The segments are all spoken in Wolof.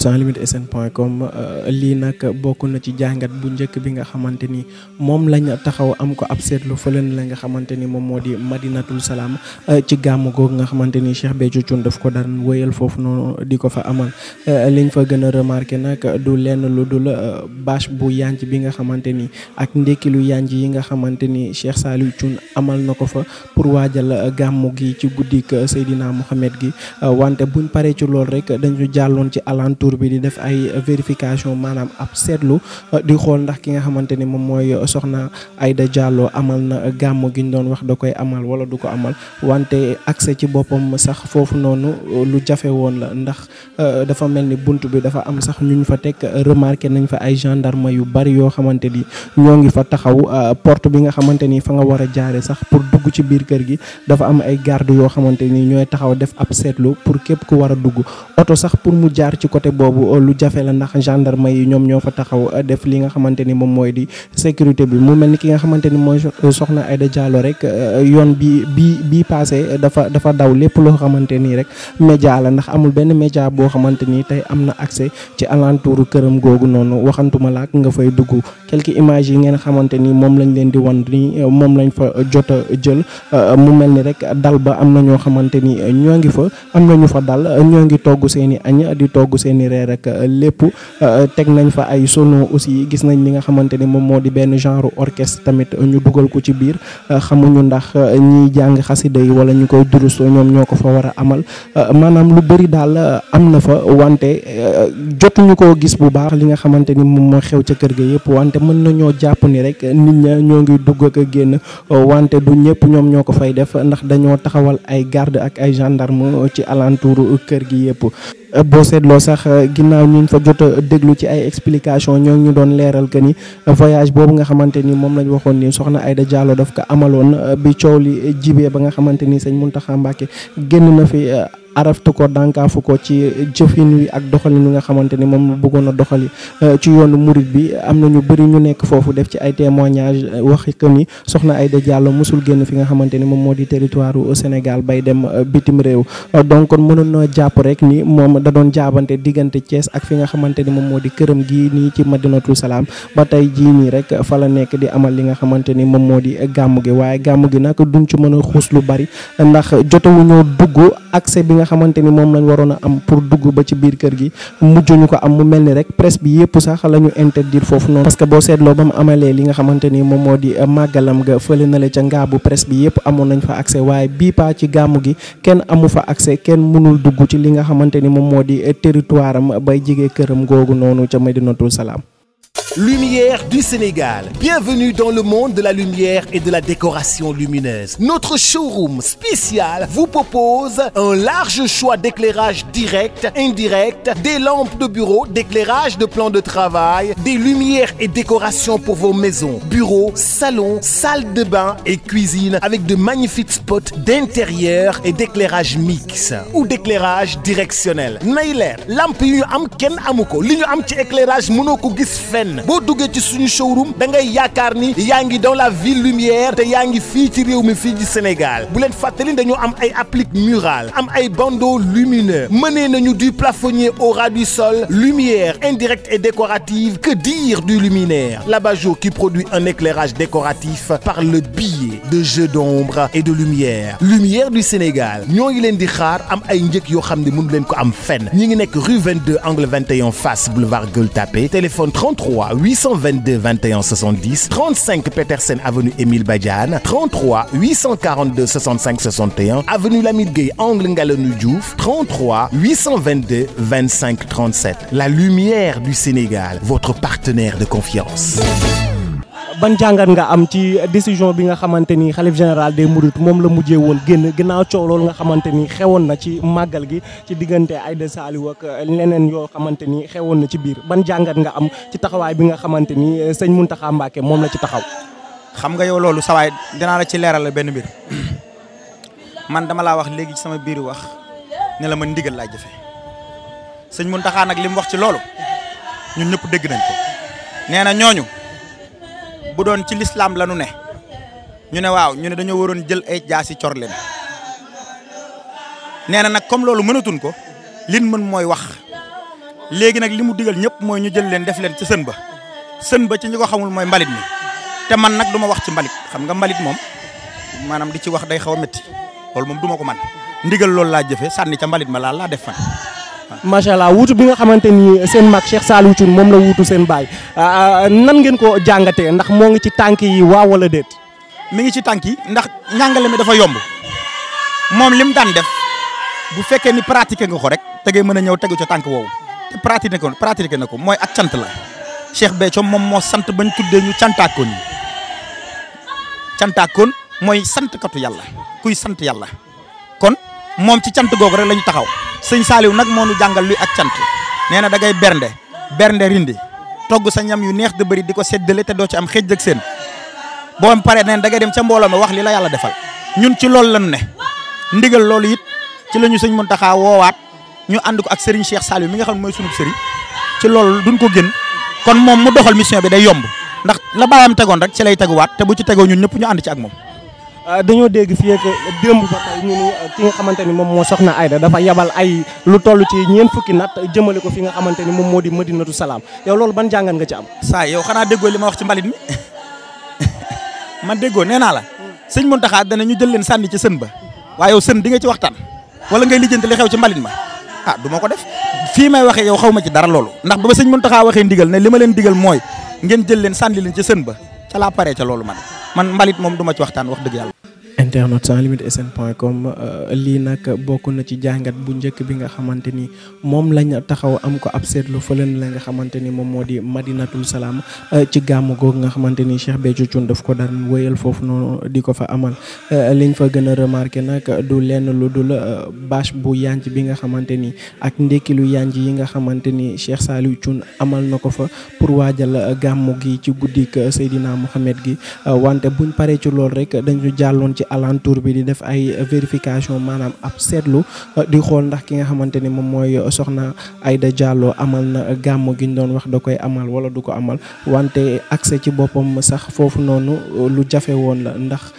site sans sn point com euh, lii nag bokk na ci jàngat bu njëkk bi nga xamante ni moom lañ taxaw am ko ab seetlu fële la nga xamante ni moom moo di madinatul salaam euh, ci gàmm googu nga xamante ni Cheikh Béthio Thioune daf ko daan wëyal foofu noonu di ko fa amal euh, liñ fa gën a remarqué nag du lenn lu dul bâche bu yanj bi nga xamante ni ak ndekki lu yanj yi nga xamante ni Cheikh Saliou amal na ko fa pour waajal gàmmu gi ci guddik Seydina Mohamed gi wante buñ paree ci lool rek dañu jàlloon ci alentour jour bi di def ay vérification maanaam ab seetlu euh, di xool ndax ki nga xamante ni moom mooy euh, soxna Aida Diallo amal na gàmm gi ñu doon wax da koy amal wala du ko amal wante accès ci boppam sax foofu noonu euh, lu jafe woon la ndax dafa mel ni bunt bi dafa am sax ñu ñu fa teg remarqué nañ fa ay gendarme yu bari yoo xamante ni ñoo ngi fa taxaw porte bi nga xamante ni fa nga war a jaare sax pour dugg ci biir kër gi dafa am ay garde yoo xamante ni ñooy taxaw def ab seetlu pour képp ku war a dugg oto sax pour mu jaar ci côté boobu euh, lu jafe la ndax gendarme yi ñoom ñoo fa taxaw euh, def li nga xamante ni moom mooy di sécurité bi mu mel ni ki nga xamante ni mooy euh, soxna Aïda Diallo rek yoon bi bi bi passé dafa dafa daw lépp loo xamante nii rek média la ndax amul benn média boo xamante ni tey am na accès ci alentouru këram googu noonu waxantuma laak nga fay dugg quelques images yi ngeen xamante ni moom lañ leen di wan ni moom lañ fa jot a jël mu mel ni rek dal ba am na ñoo xamante ni ñoo ngi fa am na ñu fa dal ñoo ngi togg seeni añ di togg seeni reer ak euh, lépp euh, teg nañ fa ay sono aussi gis nañ li nga xamante ni moom moo di benn genre orchestre tamit ñu dugal ko ci biir euh, xamuñu ndax ñiy jàng xasida yi wala ñu koy durus ñoom ñoo ko fa war a amal maanaam lu bëri daal am na fa wante jotuñu koo gis bu baax li nga xamante ni moom moo xew ca kër ga yëpp wante mën nañoo jàpp ni rek nit ña ñoo ngi dugg ak génn wante du ñëpp ñoom ñoo ko fay def ndax dañoo taxawal ay garde ak ay gendarme ci alentour kër gi yëpp ginnaaw ñun fa jot a déglu ci ay explication ñoo ñu doon leeral que ni voyage boobu nga xamante ni moom lañ waxoon ni soxna Aïda Diallo daf ko amaloon euh, bi coow li jibee ba nga xamante ni sëñ Mountakha Mbacké génn na fi euh, araftu ko dànkaafu ko ci jëfin wi ak doxalin wi nga xamante ni moom bëggoon a doxali euh, ci yoonu murit bi am na ñu bëri ñu nekk foofu def ci ay témoignage euh, waxi que ni soxna Aïda Diallo mosul génn fi nga xamante ni moom moo di territoire Sénégal bay dem euh, bitim réew donc kon mënoon na jàpp rek ni moom da jaabante diggante Thiès ak fi nga xamante ni moom moo di këram gii nii ci Madinatul Salaam ba tey jii nii rek fa la nekk di amal li nga xamante ni moom moo di gàmmu gi waaye gàmmu gi nag duñ ci mën xuus lu bari ndax jotewuñoo dugg accès bi nga xamante ni moom lañu waroon a am pour dugg ba ci biir kër gi mujj ñu ko am mu mel ni rek presse bi yëpp sax la ñu interdire foofu noonu. parce que boo seetloo ba mu amalee li nga xamante ni moom moo di euh, màggalam ga fële na le ca ngaabu presse bi yëpp amoon nañ fa accès waaye bii paa ci gàmmu gi kenn amu fa accès kenn mënul dugg ci li nga xamante ni moom moo di euh, territoire am bay jege këram googu noonu ca Medinatul Salaam. Lumière du Sénégal. Bienvenue dans le monde de la lumière et de la décoration lumineuse. Notre showroom spécial vous propose un large choix d'éclairage direct, indirect, des lampes de bureau, d'éclairage de plan de travail, des lumières et décorations pour vos maisons, bureaux, salons, salles de bain et cuisine avec de magnifiques spots d'intérieur et d'éclairage mixte ou d'éclairage directionnel. nay leer lamp yi ñu am kenn amu ko li ñu am ci éclairage mënoo ko gis benn boo duggee ci suñu showroom da ngay yaakaar ni yaa ngi dans la ville lumière te yaa ngi fii ci réew mi fii ci Sénégal bu leen fàttali dañoo am ay applique murale am ay bandeaux lumineux na ñu du plafonnier au ras du sol lumière indirecte et décorative que dire du luminaire laba jour qui produit un éclairage décoratif par le biais de jeux d'ombre et de lumière lumière du Sénégal ñoo ngi leen di xaar am ay njëg yoo xam ne mënu leen ko am fenn ñi ngi nekk rue 22 angle 21 face boulevard Gueule Tapée téléphone 33 33 822 21 70 35 Petersen avenue Émile Badiane 33 842 65 61 avenue Lamine Gueye angle Ngalonou Diouf 33 822 25 37 la lumière du Sénégal votre partenaire de confiance ban jàngat nga am ci décision bi nga xamante ni xalif général des Mourides moom la mujjee woon génn ginnaaw coow loolu nga xamante ni xewoon na ci màggal gi ci diggante Aïda Saliou ak euh, leneen yoo xamante ni xewoon na ci biir ban jàngat nga am ci taxawaay bi nga xamante ni euh, sëñ Mountakha Mbacké moom la ci taxaw. xam nga yow loolu sawaay dinaa la ci leeral benn mbir man dama laa wax léegi ci sama biir wax ne la ma ndigal laa jëfe sëñ Mountakha nag li mu wax ci loolu ñu ñëpp dégg nañ nee na ñooñu. bu doon ci lislaam la nu ne ñu ne waaw ñu ne dañoo waroon jël ay jaasi cor leen nee na nag comme loolu mënatuñ ko lin mën mooy wax léegi nag li mu digal ñëpp mooy ñu jël leen def leen ci sën ba sën ba ci ñi ko xamul mooy mbalit mi te man nag du ma wax ci mbalit xam nga mbalit moom maanaam di ci wax day xaw a métti loolu moom duma ko man ndigal loolu laa jëfe sànni ca mbalit ma laal laa def fan macha allah wuutu bi nga xamante ni seen mag Cheikh Saliou Thioune moom la wuutu seen baay ah, ah, nan ngeen ko jàngatee ndax moo ngi ci tànk yi waaw wala déet. mu ngi ci tànk yi ndax njàngale mi dafa yomb moom li mu daan def bu fekkee ni pratiqué nga ko rek te ngay mën a ñëw tegu ca tànk woowu te pratiqué ko pratiqué na ko mooy ak cant la Cheikh Béthio moom moo sant bañ tuddee ñu cantaakoon yi cantaakoon mooy sant katu yàlla kuy sant yàlla kon moom ci cant googu rek lañu taxaw. sëñ saaliw nag moo nu jàngal luy ak cant nee na da ngay bernde bernde rindi togg sa ñam yu neex de bëri di ko seddale te doo ci am xëj ak seen boo paree nee na da dem ca mbooloo ma wax li la yàlla defal ñun ci loolu lan ne ndigal loolu it ci la ñu sëñ Muntaxa woowaat ñu ànd ko ak Serigne Cheikh Saliou mi nga xam ne mooy sunub sëriñ ci loolu duñ ko gën kon moom mu doxal mission bi day yomb ndax la bàyyam tegoon rek ci lay teguwaat te bu ci tegoo ñun ñëpp ñu ànd ci ak moom Ah, dañoo dégg fii ak démb ba tey ñu ni ah, ki nga xamante ni moom moo soxna Aida dafa yabal ay lu toll ci ñeent fukki natt jëmale ko fi nga xamante ni moom moo di Madinatu Salaam yow loolu ban jàngat nga ci am. saa yow xanaa déggoo li ma wax ci mbalit mi man déggoo nee naa la sëñ Mountakha dana ñu jël leen sànni ci sën ba waaye yow sën di nga ci waxtaan wala ngay lijjanti li xew ci mbalit ma ah duma ko def fii may waxee yow xaw ma ci dara loolu ndax ba ba sëñ Mountakha waxee ndigal ne li ma leen digal mooy ngeen jël leen sànni leen ba ca laa paree loolu man man mbalit moom du ma ci waxtaan wax dëgg yàlla. internet sans limite nag bokk na ci jàngat bu njëkk bi nga xamante ni moom lañ taxaw am ko ab seetlu fële la nga xamante ni moom moo di madinatul salaam euh, ci gàmm googu nga xamante ni Cheikh Béthio Thioune daf ko daan wéyal foofu noonu di ko fa amal euh, liñ fa gën a remarqué nag du lenn lu dul euh, bâche bu yanj bi nga xamante ni ak ndekki lu yanj yi nga xamante ni Cheikh Saliou Thioune amal na ko fa pour waajal gàmm gi ci guddik Seydina Mouhamed gi wante buñ paree ci lool rek dañu jàlloon ci al alentour bi di def ay vérification maanaam ab seetlu euh, di xool ndax ki nga xamante ni moom mooy euh, soxna Aida Diallo amal na gàmm gi doon wax da koy amal wala du ko amal wante accès ci boppam sax foofu noonu euh, lu jafe woon la ndax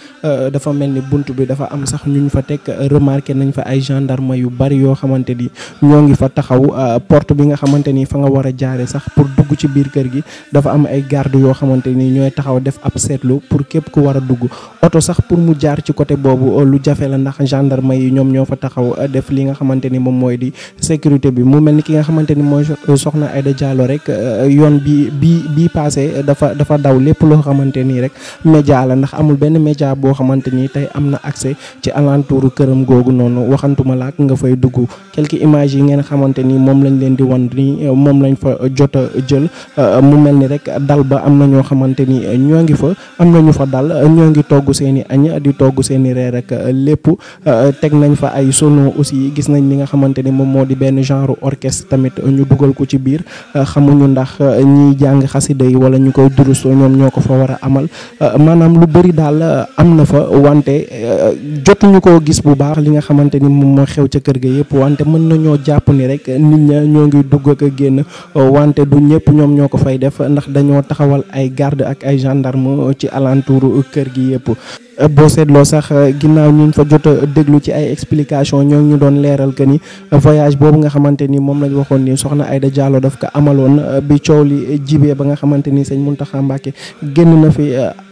dafa mel ni bunt bi dafa am sax ñu fa teg remarqué nañ fa ay gendarme yu bari yoo xamante ni ñoo ngi fa taxaw porte bi nga xamante ni fa nga war a jaare sax pour dugg ci biir kër gi dafa am ay garde yoo xamante ni ñooy taxaw def ab seetlu pour képp ku war a dugg oto sax pour mu jaar ci ci côté boobu euh, lu jafe la ndax gendarme yi ñoom ñoo fa taxaw euh, def li nga xamante ni moom mooy di sécurité bi mu mel ni ki nga xamante ni mooy euh, soxna Aïda Diallo rek yoon bi bi bii passé dafa dafa daw lépp loo xamante nii rek média la ndax amul benn média boo xamante ni tey am na accès ci alentouru këram googu noonu waxantuma laak nga fay dugg quelques images yi ngeen xamante ni moom lañ leen di wan ni moom lañ fa jot a jël mu mel ni rek dal ba am na ñoo xamante ni ñoo ngi fa am na ñu fa dal ñoo ngi togg seeni añ di togg yóbbu seen i reer ak euh, lépp euh, teg nañ fa ay sono aussi gis nañ li nga xamante ni moom moo di benn genre orchestre tamit ñu dugal ko ci biir euh, xamuñu ndax ñiy jàng xasida yi wala ñu koy durus ñoom ñoo ko fa war a amal maanaam lu bëri daal am na fa wante jotuñu koo gis bu baax li nga xamante ni moom moo xew ca kër ga yëpp wante mën nañoo jàpp ni rek nit ña ñoo ngi dugg ak génn wante du ñëpp ñoom ñoo ko fay def ndax dañoo taxawal ay garde ak ay gendarme ci alentour kër gi yëpp boo seetloo sax euh, ginnaaw ñu fa jot a déglu ci ay explication ñoo ñu doon leeral que ni euh, voyage boobu nga xamante ni moom lañ waxoon nii soxna Aïda Diallo daf ko amaloon euh, bi coow li jibee ba nga xamante ni sëñ Mountakha Mbacké génn na fi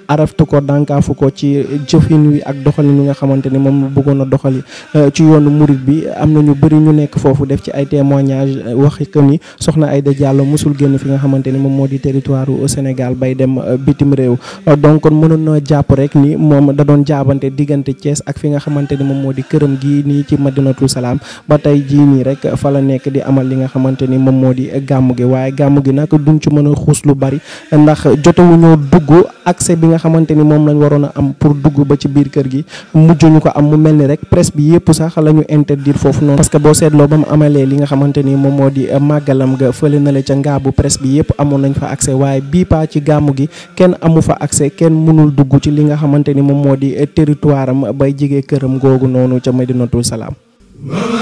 araftu ko dànkaafu ko ci jëfin wi ak doxalin wi nga xamante ni moom bëggoon a doxali euh, ci yoonu nekk foofu def ci ay témoignage euh, waxi que ni soxna Aïda Diallo mosul génn fi nga xamante ni moom moo di territoire au Sénégal bay dem euh, bitim réew donc kon mënoon na jàpp rek ni moom da doon jaabante diggante Thiès ak fi nga xamante ni moom moo di këram gii nii ci Madinatul Salaam ba tey jii nii rek fa la nekk di amal li nga xamante ni moom moo di gàmm gi waaye gàmm gi nag duñ ci mën xuus lu bari ndax jotewuñoo dugg accès bi nga xamante ni moom lañ waroon a am pour dugg ba ci biir kër gi mujj ñu ko am mu mel ni rek presse bi yëpp sax la ñu interdire foofu noonu parce que boo seetloo ba mu amalee li nga xamante ni moom moo di euh, màggalam ga fële nale la ca ngaabu presse bi yëpp amoon nañ fa accès waaye bii paa ci gàmmu gi kenn amu fa accès kenn mënul dugg ci li nga xamante ni moom moo di euh, territoire am bay jigee këram googu noonu ca Madinatul Salaam